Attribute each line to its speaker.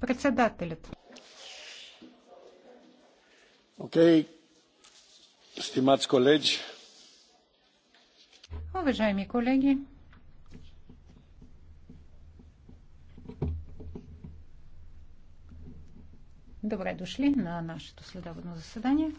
Speaker 1: Председателят.
Speaker 2: Окей. Okay. Стимац колеги.
Speaker 1: Уважаеми колеги,
Speaker 3: добре дошли на нашето следобедно заседание.